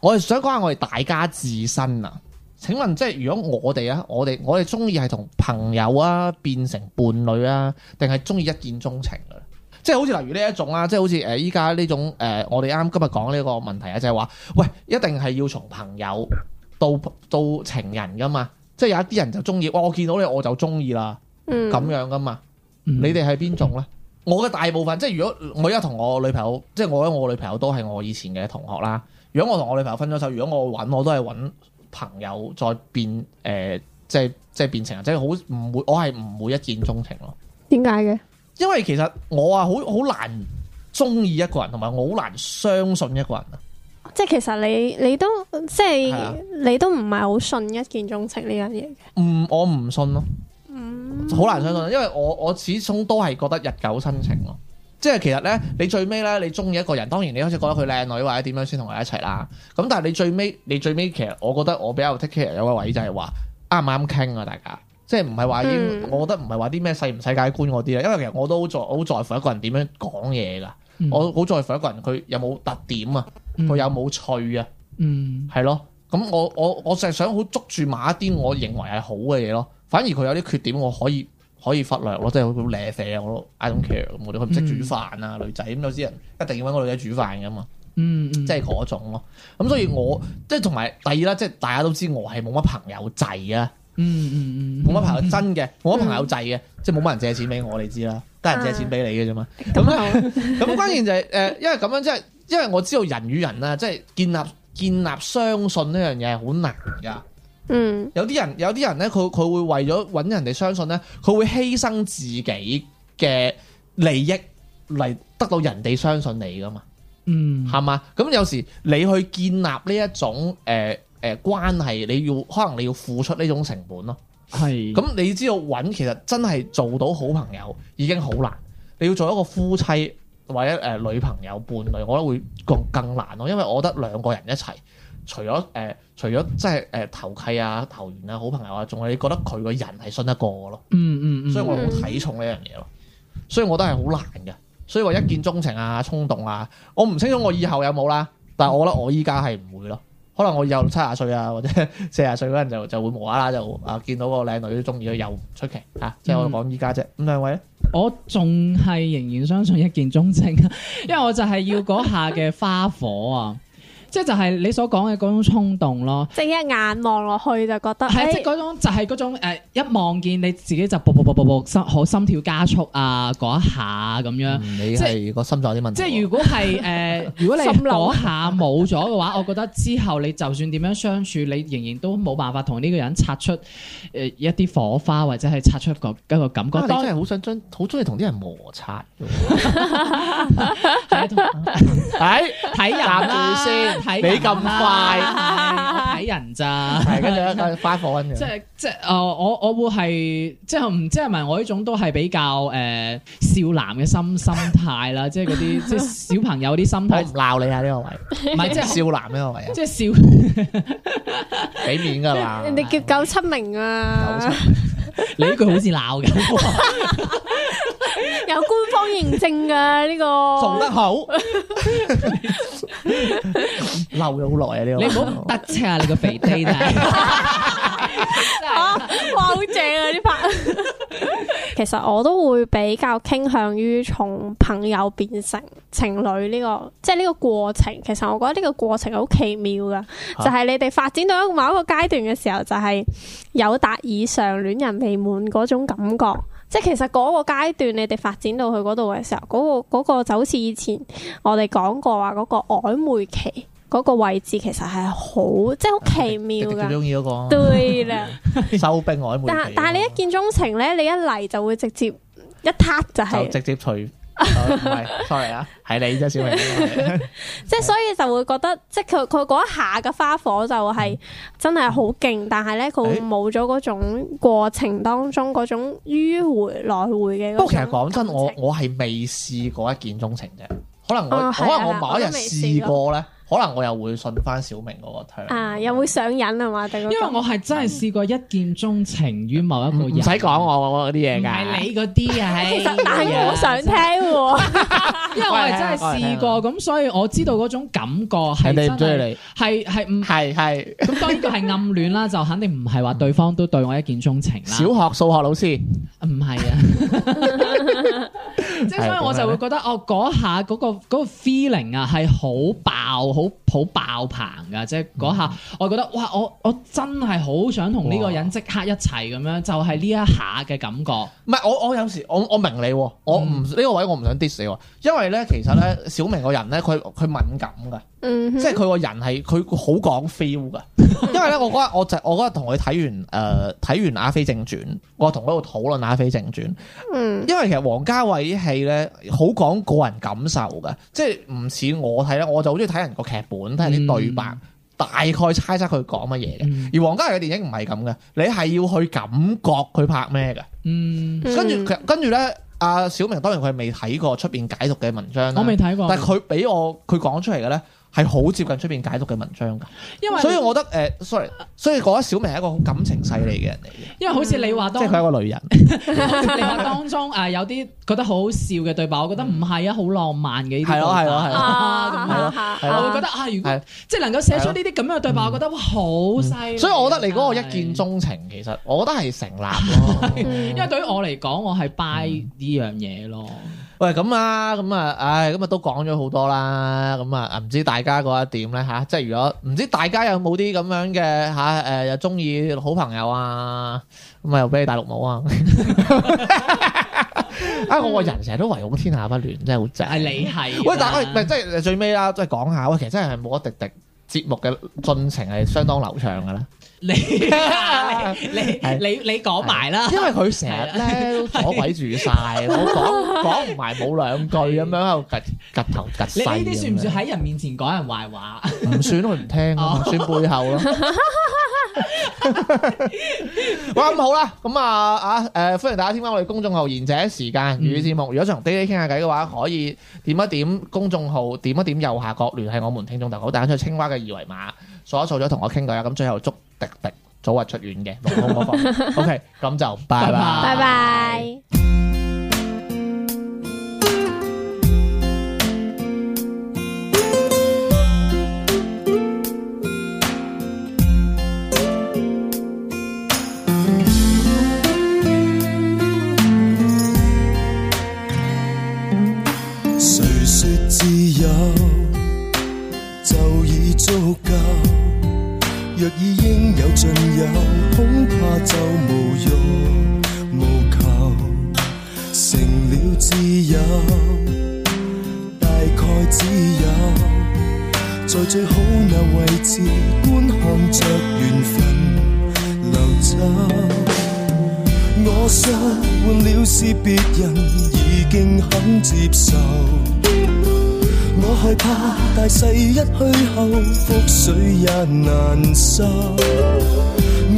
S1: 我係想講下我哋大家自身啊，請問即係如果我哋啊，我哋我哋中意係同朋友啊變成伴侶啊，定係中意一見鍾情嘅？即係好似例如呢一種啊，即係好似誒依家呢種誒、呃，我哋啱今日講呢個問題啊，就係話喂，一定係要從朋友。到到情人噶嘛，即係有一啲人就中意、哦，我見到你我就中意啦，
S3: 咁、嗯、
S1: 樣噶嘛。嗯、你哋係邊種呢？我嘅大部分，即係如果我而家同我女朋友，即係我咧，我女朋友都係我以前嘅同學啦。如果我同我女朋友分咗手，如果我揾我都係揾朋友再變，誒、呃，即係即係變情人，即係好唔會，我係唔會一見鍾情咯。
S2: 點解嘅？
S1: 因為其實我啊好好難中意一個人，同埋我好難相信一個人。
S2: 即係其實你你都即係是的 你都唔係好信一見鍾情呢樣嘢
S1: 嘅。唔，我唔信咯。嗯，好難相信，因為我我始終都係覺得日久生情咯。即係其實咧，你最尾咧，你中意一個人，當然你開始覺得佢靚女或者點樣先同佢一齊啦。咁但係你最尾，你最尾其實我覺得我比較 take care 有一個位就係話啱唔啱傾啊，嗯嗯大家。即係唔係話要，我覺得唔係話啲咩世唔世界觀嗰啲啊。因為其實我都好在好在乎一個人點樣講嘢噶，我好在乎一個人佢有冇特點啊？佢有冇趣啊？嗯，係咯。咁我我我就係想好捉住某一啲我認為係好嘅嘢咯。反而佢有啲缺點，我可以可以忽略咯，即係好咧啡。我都，I don't care。我哋佢唔識煮飯啊，女仔咁有啲人一定要搵個女仔煮飯噶嘛。嗯，即係嗰種咯。咁所以我即係同埋第二啦，即係大家都知我係冇乜朋友制啊。嗯嗯嗯，冇乜朋友真嘅，冇乜朋友制嘅，即係冇乜人借錢俾我，你知啦。得人借錢俾你嘅啫嘛。咁咧，咁關鍵就係誒，因為咁樣即係。因為我知道人與人咧，即係建立建立相信呢樣嘢係好難噶。嗯，有啲人有啲人咧，佢佢會為咗揾人哋相信呢，佢會犧牲自己嘅利益嚟得到人哋相信你噶嘛。嗯，係嘛？咁有時你去建立呢一種誒誒、呃呃、關係，你要可能你要付出呢種成本咯。係，咁你知道揾其實真係做到好朋友已經好難，你要做一個夫妻。或者誒女朋友、伴侶，我覺得會更更難咯，因為我覺得兩個人一齊，除咗誒、呃，除咗即係誒投契啊、投緣啊、好朋友啊，仲係你覺得佢個人係信得過我咯。
S3: 嗯嗯嗯，
S4: 所以我好睇
S1: 重呢樣嘢咯。所以我都係好難嘅，所以話一見鍾情啊、衝動啊，我唔清楚我以後有冇啦，但係我覺得我依家係唔會咯。可能我有七十歲啊，或者四十歲嗰陣就會就會無啦啦就啊見到個靚女都中意佢，又唔出奇嚇，即、啊、係、就是嗯、我講依家啫。咁兩位，
S4: 我仲係仍然相信一見鍾情啊，因為我就係要嗰下嘅花火啊。 即係就係你所講嘅嗰種衝動咯，即係
S2: 一眼望落去就覺得係，即係嗰
S4: 種就係嗰種誒，一望見你自己就暴暴暴暴心可心跳加速啊，嗰一下咁樣。你係個心臟啲問題。即係如果係誒，如果你心嗰下冇咗嘅話，我覺得之後你就算點樣相處，你仍然都冇辦法同呢個人擦出誒一啲火花，或者係擦出個一個
S1: 感覺。真係好想將好中意同啲人摩擦。係睇下先。
S4: 俾咁快，睇人咋？跟住咧翻房嘅。即係即係，誒、呃，我我會係即係唔知係咪？我呢種都係比較誒少、呃、男嘅心心態啦，即係嗰啲即係小朋友啲心態。鬧 你啊呢、這個位，唔係即係少男呢個位啊，即係少俾面噶啦。人
S2: 哋叫九七名啊，
S4: 你呢句好似鬧嘅。
S2: 有官方認證嘅呢個做得好，
S4: 留咗好耐啊！你你唔好得車啊！你個肥弟
S2: 啊！哇，好正啊！呢拍，其實我都會比較傾向於從朋友變成情侶呢個，即係呢個過程。其實我覺得呢個過程好奇妙嘅，就係你哋發展到一個某一個階段嘅時候，就係有達以上戀人未滿嗰種感覺。即係其實嗰個階段，你哋發展到去嗰度嘅時候，嗰、嗰個、嗰個就好似以前我哋講過話嗰、嗰個曖昧期嗰個位置，其實係好即係好奇妙嘅。最中
S1: 意嗰個。對啦， 收兵曖昧期但。但係
S2: 你一見鍾情咧，你一嚟，就會直接一撻就係、係。就直
S1: 接除。 oh，唔係，sorry 啊，係你啫，小明。
S2: 即係所以就會覺得，即係佢佢嗰一下嘅花火就係真係好勁，但係咧佢會冇咗嗰種過程當中嗰、欸、種迂回來回嘅。不過其實
S1: 講真，我我係未試過一見鍾情啫，
S2: 可能我、哦、可能我某一日試過
S1: 咧。可能我又會信返小明嗰個糖
S2: 啊，又會上癮啊嘛，因為我係
S4: 真係試過一見鍾情於某一個人，唔使講我嗰啲嘢。係你
S2: 嗰啲啊，其實但係我想聽，因為我係真係試過，
S4: 咁所以我知道嗰種感覺係你唔中意你，係係唔係係咁當然個係暗戀啦，就肯定唔係話對方都對我一見鍾情啦。小學數學老師唔係啊。
S2: 即係所以我就會覺
S4: 得哦嗰下嗰，嗰個嗰，嗰個 feeling 啊係好爆好好爆棚噶即係嗰下我覺得，嗯、哇我我真係好想同呢個人即刻一齊咁樣就係呢一下嘅感覺。
S1: 唔係我我有時我我明你我唔呢，嗯，個位我唔想 diss 你，因為咧其實咧小明個人咧佢佢敏感噶。即係佢個人係佢好講 feel 噶，因為咧我嗰日我就我嗰日同佢睇完誒睇、呃、完《阿飛正傳》，我同佢度討論《阿飛正傳》。嗯，因為其實王家衛啲戲咧好講個人感受嘅，即係唔似我睇咧，我就好中意睇人個劇本，睇下啲對白，嗯、大概猜測佢講乜嘢嘅。而王家衛嘅電影唔係咁嘅，你係要去感覺佢拍咩嘅、嗯。嗯，
S3: 跟住
S1: 跟住咧，阿小明當然佢未睇過出邊解讀嘅文章，我未睇過。但係佢俾我佢講出嚟嘅咧。係好接近出邊解讀嘅文章噶，所以我覺得誒，sorry 所以覺得小明係一個好感情細膩嘅人嚟嘅。因為好似
S3: 你話，即係佢係一個女人。
S4: 你話當中誒，有啲覺得好好笑嘅對白，我覺得唔係啊，好浪漫嘅呢啲對白啊。咁樣，我會覺得啊，如果即係能夠寫出呢啲咁樣嘅對白，我覺得好犀利。所以我覺得你嗰個一見
S1: 鍾情，其實我覺得係成立
S4: 咯。因為對於我嚟講，我係拜呢樣嘢咯。
S1: 喂，咁啊，咁啊，唉，咁啊都講咗好多啦，咁啊，唔知大家覺得點咧吓、啊？即係如果唔知大家有冇啲咁樣嘅吓，誒、啊，又中意好朋友啊，咁啊，又俾你戴綠帽啊？啊、 哎，我個人成日都唯恐天下不亂，真係好正。係、 哎、你係？喂，但係咪即係最尾啦？即係講下，喂，其實真係係冇一滴滴節目嘅進程係相當流暢噶啦。
S3: 你
S1: 你你你講埋啦，因為佢成日咧阻鬼住晒。我講講唔埋冇兩句咁樣喺度窒頭窒勢。呢啲 算唔算喺人面前講人壞話？唔 算，算，佢唔聽， 算背後咯。 哇，咁好啦，咁啊啊誒、啊啊，歡迎大家添加我哋公眾號《賢者 時間語》節目。嗯、如果想同 DJ 傾下偈嘅話，可以點一點公眾號，點一點右下角聯繫我們聽眾朋友。我打咗去青蛙嘅二維碼，掃一掃就同我傾偈啦。咁最後祝～滴滴，早日出院嘅，六公六 OK，咁就拜拜，拜
S2: 拜。
S3: 接受，我害怕大勢一去後覆水也難收。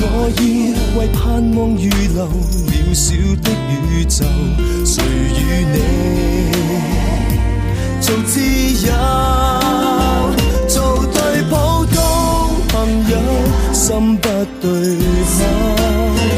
S3: 我以為盼望預留渺小的宇宙，誰與你做摯友？做對普通朋友，心不對口。